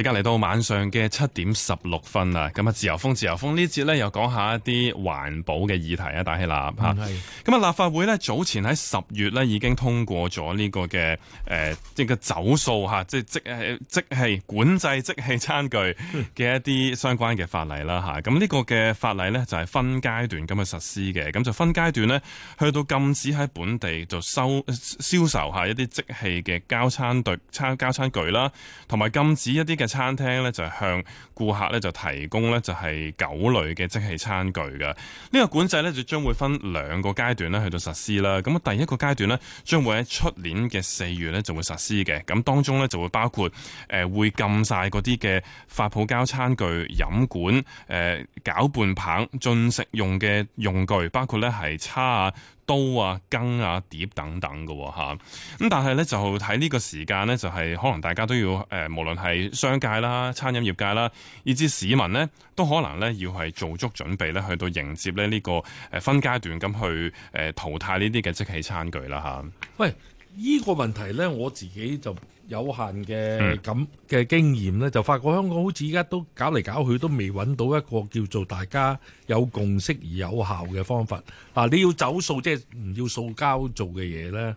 即刻嚟到晚上嘅七點十六分啦，咁啊自由風，自由風呢節咧又講下一啲環保嘅議題啊，大喜拿吓，咁啊是立法會咧早前喺十月咧已經通過咗呢、這個嘅誒即係個走塑吓，即係即係即係管制即棄餐具嘅一啲相關嘅法例啦吓，咁呢、嗯、個嘅法例咧就係分階段咁去實施嘅，咁就分階段咧去到禁止喺本地就收銷售下一啲即棄嘅膠餐對餐膠餐具啦，同埋禁止一啲嘅。餐廳咧就向顧客咧就提供咧就係九類嘅即棄餐具嘅呢個管制咧就將會分兩個階段咧去到實施啦。咁第一個階段咧將會喺出年嘅四月咧就會實施嘅。咁當中咧就會包括誒會禁晒嗰啲嘅發泡膠餐具、飲管、誒攪拌棒、進食用嘅用具，包括咧係叉啊、刀啊、羹啊、碟等等嘅吓，咁但係呢，就睇呢個時間呢，就係、是、可能大家都要誒、呃，無論係商界啦、餐飲業界啦，以至市民呢，都可能呢，要係做足準備呢，去到迎接呢個誒分階段咁去誒、呃、淘汰呢啲嘅即棄餐具啦吓。啊、喂。依個問題呢，我自己就有限嘅咁嘅經驗呢，就發覺香港好似而家都搞嚟搞去都未揾到一個叫做大家有共識而有效嘅方法。嗱、啊，你要走塑即係唔要塑膠做嘅嘢呢。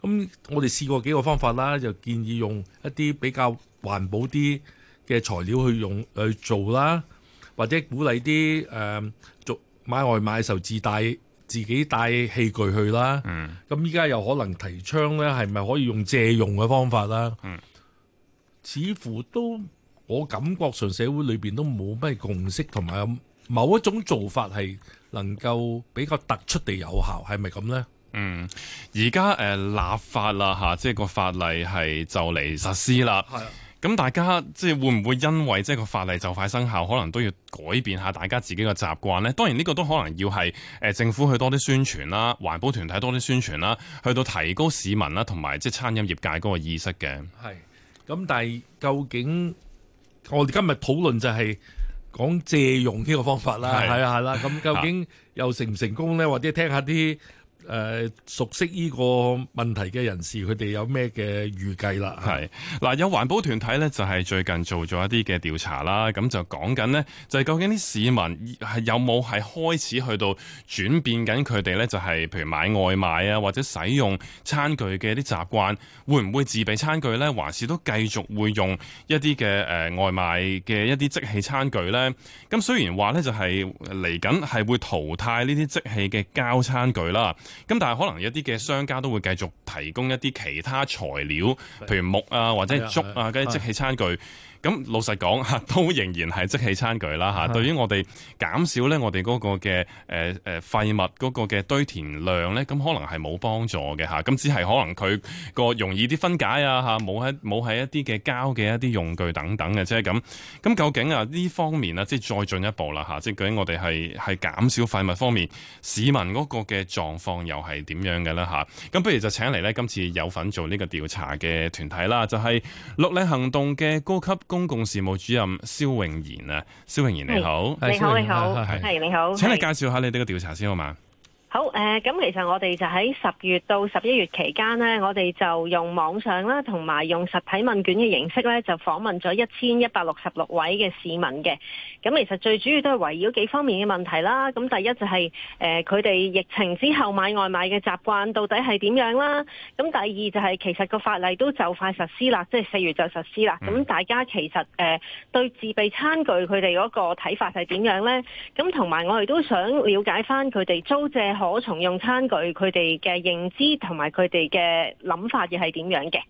咁我哋試過幾個方法啦，就建議用一啲比較環保啲嘅材料去用去做啦，或者鼓勵啲誒做買外賣嘅時候自帶。自己帶器具去啦，咁依家有可能提倡咧，係咪可以用借用嘅方法啦？似乎都我感覺上社會裏邊都冇咩共識，同埋某一種做法係能夠比較突出地有效，係咪咁呢？嗯，而家誒立法啦嚇，即係個法例係就嚟實施啦。咁大家即係會唔會因為即係個法例就快生效，可能都要改變下大家自己嘅習慣咧？當然呢個都可能要係誒政府去多啲宣傳啦，環保團體多啲宣傳啦，去到提高市民啦同埋即係餐飲業界嗰個意識嘅。係。咁但係究竟我哋今日討論就係講借用呢個方法啦，係啊係啦，係啦。咁究竟又成唔成功咧？或者聽下啲。誒、呃、熟悉呢個問題嘅人士，佢哋有咩嘅預計啦？係嗱，有環保團體呢，就係、是、最近做咗一啲嘅調查啦。咁就講緊呢，就係、是、究竟啲市民係有冇係開始去到轉變緊佢哋呢？就係、是、譬如買外賣啊，或者使用餐具嘅啲習慣，會唔會自備餐具呢？還是都繼續會用一啲嘅、呃、外賣嘅一啲即棄餐具呢？咁雖然話呢，就係嚟緊係會淘汰呢啲即棄嘅膠餐具啦。咁但係可能有啲嘅商家都會繼續提供一啲其他材料，譬如木啊或者竹啊嗰啲即棄餐具。咁老實講吓，都仍然係即棄餐具啦吓。的對於我哋減少咧，我哋嗰個嘅誒誒廢物嗰個嘅堆填量咧，咁可能係冇幫助嘅吓。咁只係可能佢個容易啲分解啊吓，冇喺冇喺一啲嘅膠嘅一啲用具等等嘅啫。咁咁的究竟啊呢方面咧，即係再進一步啦吓。即係究竟我哋係係減少廢物方面，市民嗰個嘅狀況又係點樣嘅啦吓？咁不如就請嚟，咧今次有份做呢個調查嘅團體啦，就係綠領行動嘅高級。公共事務主任蕭頴妍啊，蕭頴妍你好，你好、你好，係你好，請你介紹下你哋個調查先好嗎？好誒，咁、呃、其實我哋就喺十月到十一月期間呢，我哋就用網上啦，同埋用實體問卷嘅形式咧，就訪問咗一千一百六十六位嘅市民嘅。咁其實最主要都係圍繞幾方面嘅問題啦。咁第一就係誒佢哋疫情之後買外賣嘅習慣到底係點樣啦。咁第二就係其實個法例都就快實施啦，即係四月就實施啦。咁、嗯、大家其實誒、呃、對自備餐具佢哋嗰個睇法係點樣呢？咁同埋我哋都想了解翻佢哋租借可重用餐具，佢哋嘅認知同埋佢哋嘅諗法又係點樣嘅？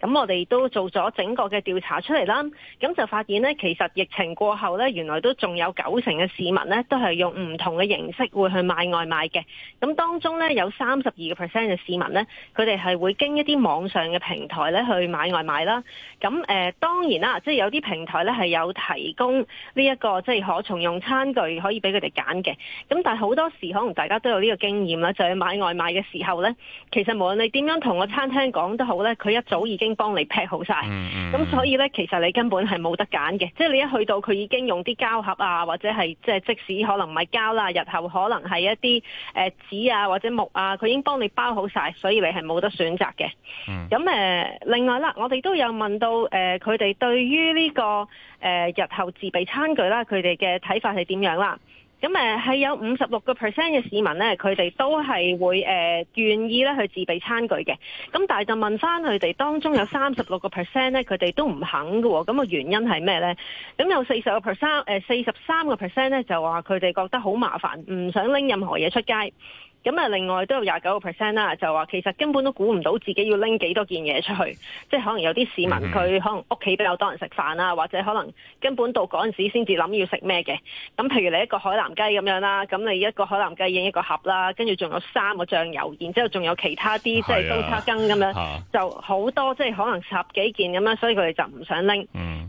咁我哋都做咗整個嘅調查出嚟啦。咁就發現呢，其實疫情過後呢，原來都仲有九成嘅市民呢，都係用唔同嘅形式會去買外賣嘅。咁當中呢，有三十二個 percent 嘅市民呢，佢哋係會經一啲網上嘅平台咧去買外賣啦。咁誒，當然啦，即係有啲平台呢，係有提供呢一個即係可重用餐具可以俾佢哋揀嘅。咁但係好多時候可能大家都有呢個。經驗啦，就係買外賣嘅時候呢，其實無論你點樣同個餐廳講都好呢，佢一早已經幫你劈好晒。咁、mm hmm. 嗯、所以呢，其實你根本係冇得揀嘅，即係你一去到，佢已經用啲膠盒啊，或者係即係即使可能唔係膠啦、啊，日後可能係一啲誒、呃、紙啊或者木啊，佢已經幫你包好晒，所以你係冇得選擇嘅。咁誒、mm hmm. 嗯呃，另外啦，我哋都有問到誒，佢、呃、哋對於呢、呢個誒、呃、日後自備餐具啦，佢哋嘅睇法係點樣啦？咁誒係有五十六個 percent 嘅市民咧，佢哋都係會誒、呃、願意咧去自備餐具嘅。咁但係就問翻佢哋當中有三十六個 percent 咧，佢哋都唔肯嘅。咁、嗯、個原因係咩咧？咁、嗯、有四十個 percent，誒四十三個 percent 咧，就話佢哋覺得好麻煩，唔想拎任何嘢出街。咁啊，另外都有廿九個 percent 啦，就話其實根本都估唔到自己要拎幾多件嘢出去，即係可能有啲市民佢、嗯、可能屋企比較多人食飯啦，或者可能根本到嗰陣時先至諗要食咩嘅。咁譬如你一個海南雞咁樣啦，咁你一個海南雞已經一個盒啦，跟住仲有三個醬油，然之後仲有其他啲、啊、即係刀叉羹咁樣，就好多即係可能十幾件咁樣，所以佢哋就唔想拎。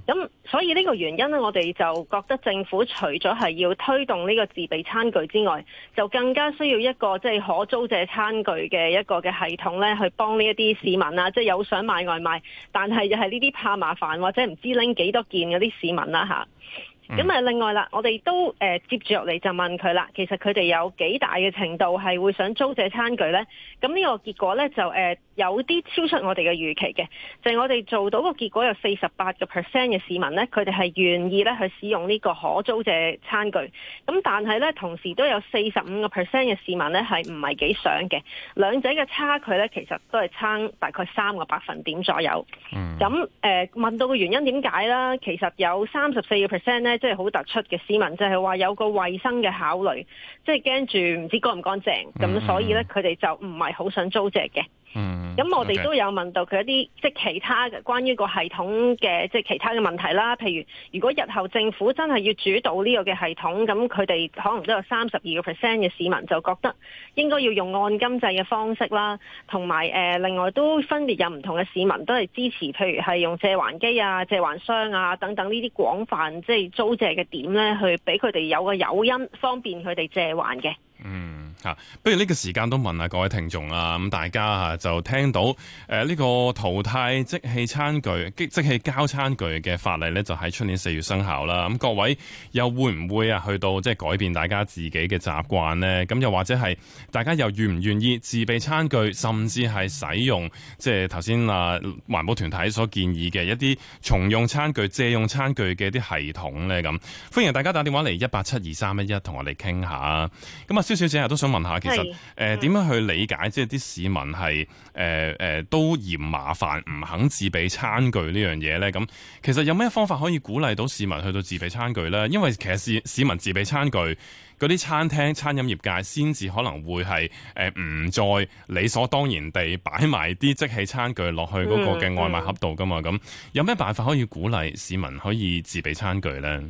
咁、嗯、所以呢個原因呢，我哋就覺得政府除咗係要推動呢個自備餐具之外，就更加需要一個。即係可租借餐具嘅一個嘅系統咧，去幫呢一啲市民啊，即係有想買外賣，但係又係呢啲怕麻煩或者唔知拎幾多件嗰啲市民啦嚇。咁啊，嗯、另外啦，我哋都、呃、接住落嚟就問佢啦，其實佢哋有幾大嘅程度係會想租借餐具呢？咁呢個結果呢，就、呃、有啲超出我哋嘅預期嘅，就係、是、我哋做到個結果有四十八個 percent 嘅市民呢，佢哋係願意咧去使用呢個可租借餐具。咁但係呢，同時都有四十五個 percent 嘅市民呢，係唔係幾想嘅，兩者嘅差距呢，其實都係差大概三個百分點左右。咁誒、嗯呃、問到個原因點解啦？其實有三十四個 percent 呢。即係好突出嘅市民，即係話有個衞生嘅考慮，即係驚住唔知乾唔乾淨，咁所以呢，佢哋就唔係好想租借嘅。嗯，咁我哋都有問到佢一啲即係其他嘅關於個系統嘅即係其他嘅問題啦。譬如如果日後政府真係要主導呢個嘅系統，咁佢哋可能都有三十二個 percent 嘅市民就覺得應該要用按金制嘅方式啦，同埋、呃、另外都分別有唔同嘅市民都係支持，譬如係用借還機啊、借還商啊等等呢啲廣泛即係租借嘅點咧，去俾佢哋有個誘因方便佢哋借還嘅。嗯。吓、啊，不如呢個時間都問下、啊、各位聽眾啊，咁大家啊就聽到誒呢、呃這個淘汰即棄餐具、即棄膠餐具嘅法例呢就喺出年四月生效啦。咁、啊、各位又會唔會啊去到即係改變大家自己嘅習慣呢？咁又或者係大家又願唔願意自備餐具，甚至係使用即係頭先啊環保團體所建議嘅一啲重用餐具、借用餐具嘅啲系統呢？咁歡迎大家打電話嚟一八七二三一一，同我哋傾下。咁啊，蕭小姐想問下，其實誒點、嗯呃、樣去理解即係啲市民係誒誒都嫌麻煩，唔肯自備餐具呢樣嘢呢？咁其實有咩方法可以鼓勵到市民去到自備餐具呢？因為其實市市民自備餐具，嗰啲餐廳、餐飲業界先至可能會係誒唔再理所當然地擺埋啲即棄餐具落去嗰個嘅外賣盒度㗎嘛。咁、嗯、有咩辦法可以鼓勵市民可以自備餐具呢？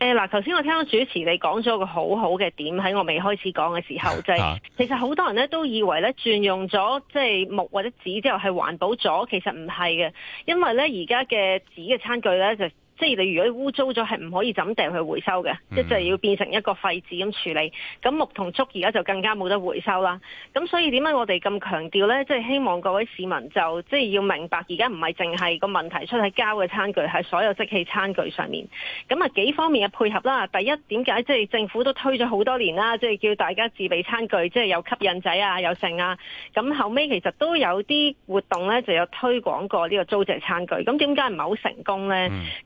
誒嗱，頭先、呃、我聽到主持你講咗個好好嘅點。喺我未開始講嘅時候，就係、是、其實好多人咧都以為咧轉用咗即係木或者紙之後係環保咗，其實唔係嘅，因為咧而家嘅紙嘅餐具咧就。即係你如果污糟咗，係唔可以就咁掟去回收嘅，嗯、即係要變成一個廢紙咁處理。咁木同竹而家就更加冇得回收啦。咁所以點解我哋咁強調呢？即係希望各位市民就即係要明白，而家唔係淨係個問題出喺膠嘅餐具，喺所有即棄餐具上面。咁啊幾方面嘅配合啦。第一點解即係政府都推咗好多年啦，即係叫大家自備餐具，即係有吸引仔啊，有剩啊。咁後尾其實都有啲活動呢，就有推廣過呢個租借餐具。咁點解唔係好成功呢？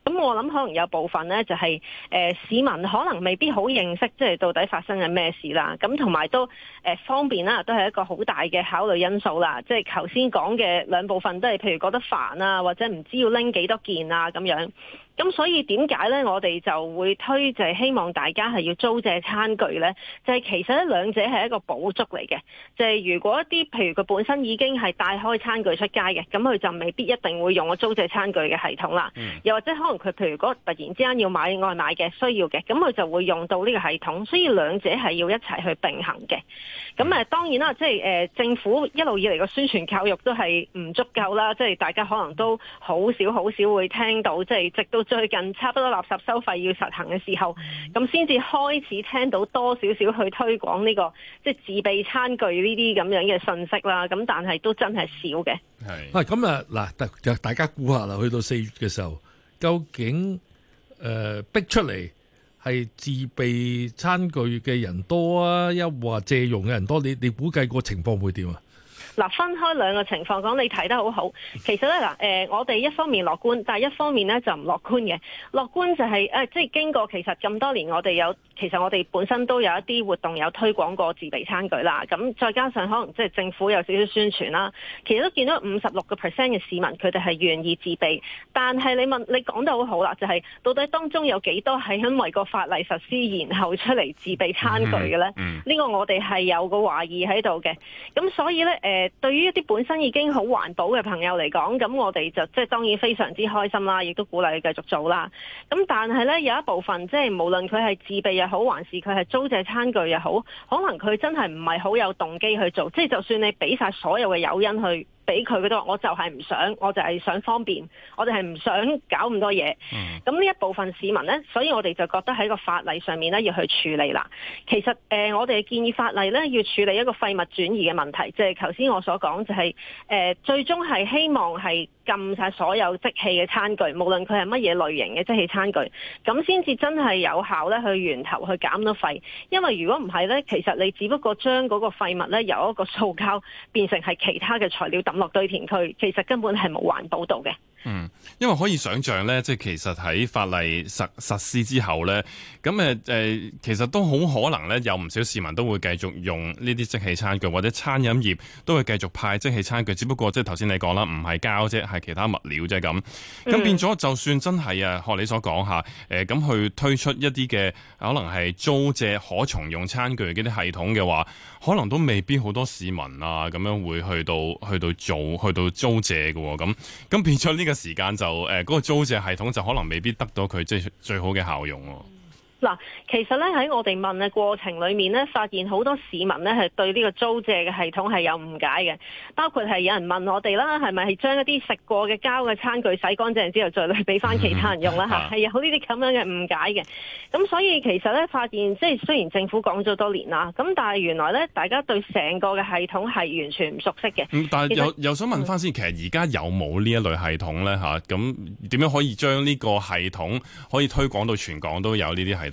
咁。嗯。我諗可能有部分呢、就是，就係誒市民可能未必好認識，即係到底發生緊咩事啦。咁同埋都誒、呃、方便啦，都係一個好大嘅考慮因素啦。即係頭先講嘅兩部分都係，譬如覺得煩啊，或者唔知要拎幾多件啊咁樣。咁所以點解咧？我哋就會推就係希望大家係要租借餐具咧，就係、是、其實咧兩者係一個補足嚟嘅。就係、是、如果一啲譬如佢本身已經係帶開餐具出街嘅，咁佢就未必一定會用我租借餐具嘅系統啦。嗯、又或者可能佢譬如，如果突然之間要買外賣嘅需要嘅，咁佢就會用到呢個系統。所以兩者係要一齊去並行嘅。咁啊當然啦，即係、呃、政府一路以嚟個宣傳教育都係唔足夠啦，即係大家可能都好少好少會聽到，即係直到。最近差唔多垃圾收費要實行嘅時候，咁先至開始聽到多少少去推廣呢個即係自備餐具呢啲咁樣嘅信息啦。咁但係都真係少嘅係是啊。咁啊嗱，大大家估下啦，去到四月嘅時候，究竟誒逼出嚟係自備餐具嘅人多啊，一話借用嘅人多，你你估計個情況會點啊？嗱、啊，分開兩個情況講，你睇得好好。其實咧，嗱、呃，我哋一方面樂觀，但係一方面咧就唔樂觀嘅。樂觀就係、是、誒、呃，即係經過其實咁多年，我哋有。其實我哋本身都有一啲活動有推廣過自備餐具啦，咁再加上可能即係政府有少少宣傳啦，其實都見到五十六個 percent 嘅市民佢哋係願意自備，但係你問你講得好好啦，就係、是、到底當中有幾多係因為個法例實施然後出嚟自備餐具嘅呢？呢、呢個我哋係有個懷疑喺度嘅，咁所以呢，呃、對於一啲本身已經好環保嘅朋友嚟講，咁我哋就即係當然非常之開心啦，亦都鼓勵你繼續做啦。咁但係呢，有一部分即係無論佢係自備好還是佢係租借餐具又好，可能佢真係唔係好有動機去做，即係就算你俾晒所有嘅誘因去俾佢，佢都話我就係唔想，我就係想方便，我哋係唔想搞咁多嘢。咁呢、嗯、一部分市民呢，所以我哋就覺得喺個法例上面咧要去處理啦。其實誒、呃，我哋建議法例呢，要處理一個廢物轉移嘅問題，即係頭先我所講、就是，就係誒，最終係希望係。禁晒所有即棄嘅餐具，無論佢係乜嘢類型嘅即棄餐具，咁先至真係有效咧去源頭去減到廢。因為如果唔係呢，其實你只不過將嗰個廢物呢由一個塑膠變成係其他嘅材料抌落堆填區，其實根本係冇環保到嘅。嗯，因為可以想象咧，即係其實喺法例實實施之後咧，咁誒誒，其實都好可能咧，有唔少市民都會繼續用呢啲即棄餐具，或者餐飲業都會繼續派即棄餐具，只不過即係頭先你講啦，唔係膠啫，係其他物料啫咁。咁變咗，就算真係啊，學你所講吓，誒、呃、咁去推出一啲嘅可能係租借可重用餐具嗰啲系統嘅話，可能都未必好多市民啊咁樣會去到去到做去到租借嘅，哦，咁咁變咗呢，這個。時間就誒嗰個租借系統就可能未必得到佢即係最好嘅效用。嗱，其實咧喺我哋問嘅過程裏面咧，發現好多市民咧係對呢個租借嘅系統係有誤解嘅，包括係有人問我哋啦，係咪係將一啲食過嘅膠嘅餐具洗乾淨之後再嚟俾翻其他人用啦？嚇、嗯，係有呢啲咁樣嘅誤解嘅。咁、嗯、所以其實咧，發現即係雖然政府講咗多年啦，咁但係原來咧，大家對成個嘅系統係完全唔熟悉嘅、嗯。但係又又想問翻先，嗯、其實而家有冇呢一類系統咧？嚇，咁點樣可以將呢個系統可以推廣到全港都有呢啲系統？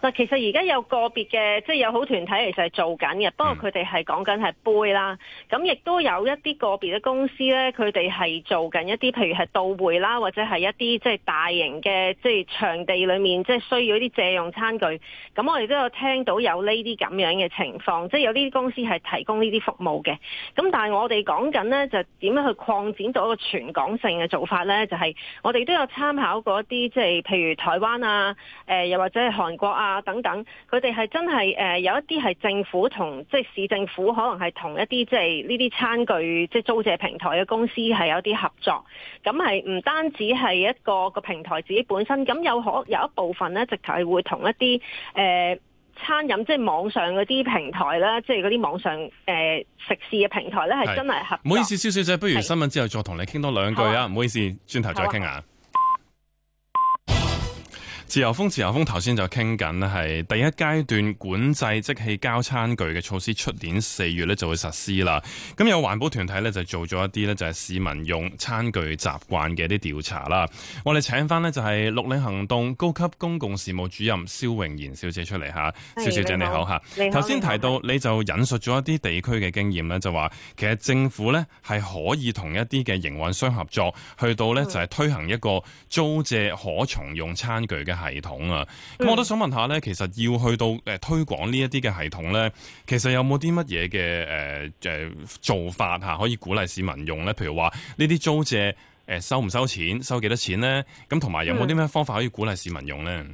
嗱，其實而家有個別嘅，即係有好團體其實係做緊嘅，不過佢哋係講緊係杯啦。咁亦都有一啲個別嘅公司咧，佢哋係做緊一啲，譬如係到會啦，或者係一啲即係大型嘅即係場地裏面即係需要一啲借用餐具。咁我哋都有聽到有呢啲咁樣嘅情況，即係有呢啲公司係提供呢啲服務嘅。咁但係我哋講緊呢，就點樣去擴展到一個全港性嘅做法呢？就係我哋都有參考過一啲，即係譬如台灣啊，誒又或者係韓國。啊，等等，佢哋係真係，誒有一啲係政府同即係市政府，可能係同一啲即係呢啲餐具即係、就是、租借平台嘅公司係有啲合作，咁係唔單止係一個個平台自己本身，咁有可有一部分咧直頭係會同一啲誒、呃、餐飲即係網上嗰啲平台啦，即係嗰啲網上誒、呃、食肆嘅平台咧，係真係合。唔好意思，蕭小姐，不如新聞之後再同你傾多兩句啊，唔好意思，轉頭再傾下。自由風，自由風，頭先就傾緊係第一階段管制即棄膠餐具嘅措施，出年四月咧就會實施啦。咁有環保團體咧就做咗一啲呢就係市民用餐具習慣嘅啲調查啦。我哋請翻呢，就係綠領行動高級公共事務主任蕭頴妍小姐出嚟下蕭小，小姐、嗯、你好嚇。頭先好提到你就引述咗一啲地區嘅經驗咧，就話其實政府呢係可以同一啲嘅營運商合作，去到呢就係推行一個租借可重用餐具嘅。系統啊，咁我都想問下呢，其實要去到誒推廣呢一啲嘅系統呢，其實有冇啲乜嘢嘅誒誒做法嚇可以鼓勵市民用呢？譬如話呢啲租借誒、呃、收唔收錢，收幾多錢呢？咁同埋有冇啲咩方法可以鼓勵市民用呢？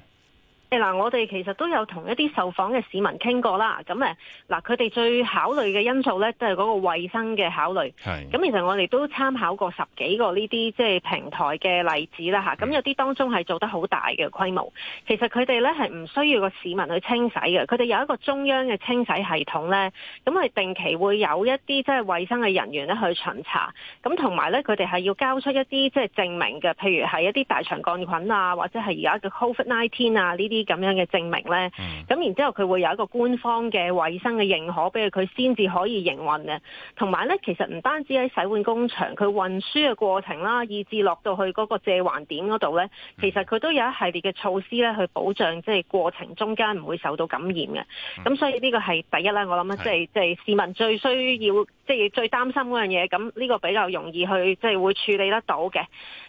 誒嗱，我哋其實都有同一啲受訪嘅市民傾過啦，咁誒嗱，佢哋最考慮嘅因素咧，都係嗰個衞生嘅考慮。係。咁其實我哋都參考過十幾個呢啲即係平台嘅例子啦，嚇。咁有啲當中係做得好大嘅規模，其實佢哋咧係唔需要個市民去清洗嘅，佢哋有一個中央嘅清洗系統咧，咁係定期會有一啲即係衛生嘅人員咧去巡查，咁同埋咧佢哋係要交出一啲即係證明嘅，譬如係一啲大腸桿菌啊，或者係而家嘅 COVID-19 啊呢啲。啲咁樣嘅證明呢，咁、嗯、然之後佢會有一個官方嘅衞生嘅認可，俾佢佢先至可以營運嘅。同埋呢，其實唔單止喺洗碗工場，佢運輸嘅過程啦，以至落到去嗰個借環點嗰度呢，其實佢都有一系列嘅措施呢，去保障即係、就是、過程中間唔會受到感染嘅。咁、嗯、所以呢個係第一啦。我諗即係即係市民最需要即係、就是、最擔心嗰樣嘢，咁呢個比較容易去即係、就是、會處理得到嘅。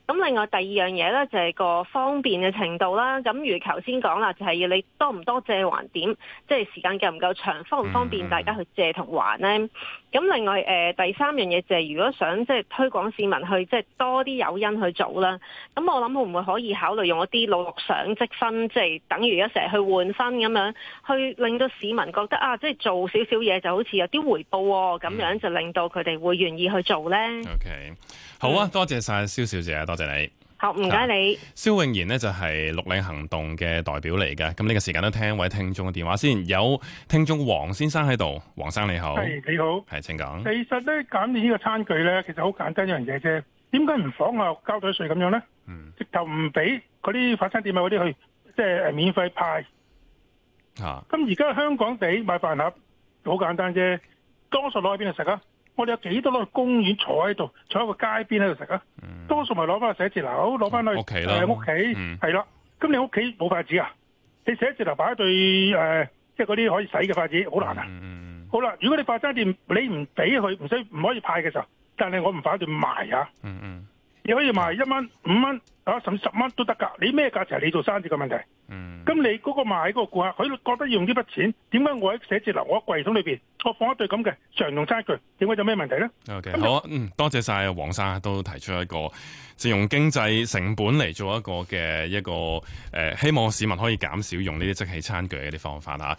咁另外第二樣嘢呢，就係、是、個方便嘅程度啦。咁如頭先講。講啦，就係要你多唔多借還點，即係時間夠唔夠長，方唔方便大家去借同還呢？咁、嗯嗯、另外誒、呃，第三樣嘢就係、是、如果想即係推廣市民去即係多啲誘因去做啦。咁我諗會唔會可以考慮用一啲綠綠賞積分，即、就、係、是、等於一成日去換分咁樣，去令到市民覺得啊，即係做少少嘢就好似有啲回報咁、嗯、樣，就令到佢哋會願意去做呢 O、okay. K，好啊，嗯、多謝晒蕭小姐，多謝你。唔該，謝謝你蕭穎妍，呢就係綠領行動嘅代表嚟嘅。咁呢個時間都聽一位聽眾嘅電話先。有聽眾黃先生喺度，黃生你好。係，你好。係，請講。其實咧，減免呢個餐具咧，其實好簡單一樣嘢啫。點解唔仿效膠袋稅咁樣咧？嗯，直頭唔俾嗰啲快餐店啊，嗰啲去，即係免費派啊。咁而家香港地買飯盒好簡單啫，多數攞去邊度食啊？我哋有幾多個公園坐喺度，坐喺個街邊喺度食啊？嗯、多數咪攞翻去寫字樓，攞翻去誒屋企，係啦。咁、呃嗯、你屋企冇筷子啊？你寫字樓擺一對誒，即嗰啲可以洗嘅筷子，難嗯、好難啊！好啦，如果你發生一你唔俾佢，唔需唔可以派嘅時候，但係我唔擺一對埋啊！嗯嗯你可以賣一蚊、五蚊，啊，甚至十蚊都得㗎。你咩價錢，係你做生意嘅問題。嗯。咁你嗰個賣嗰個顧客，佢覺得用呢筆錢，點解我喺寫字樓，我喺櫃桶裏邊，我放一對咁嘅常用餐具，點解有咩問題咧？O K，好、啊，嗯，多謝晒黃生都提出一個，就係、用經濟成本嚟做一個嘅一個，誒、呃，希望市民可以減少用呢啲即棄餐具嘅啲方法吓。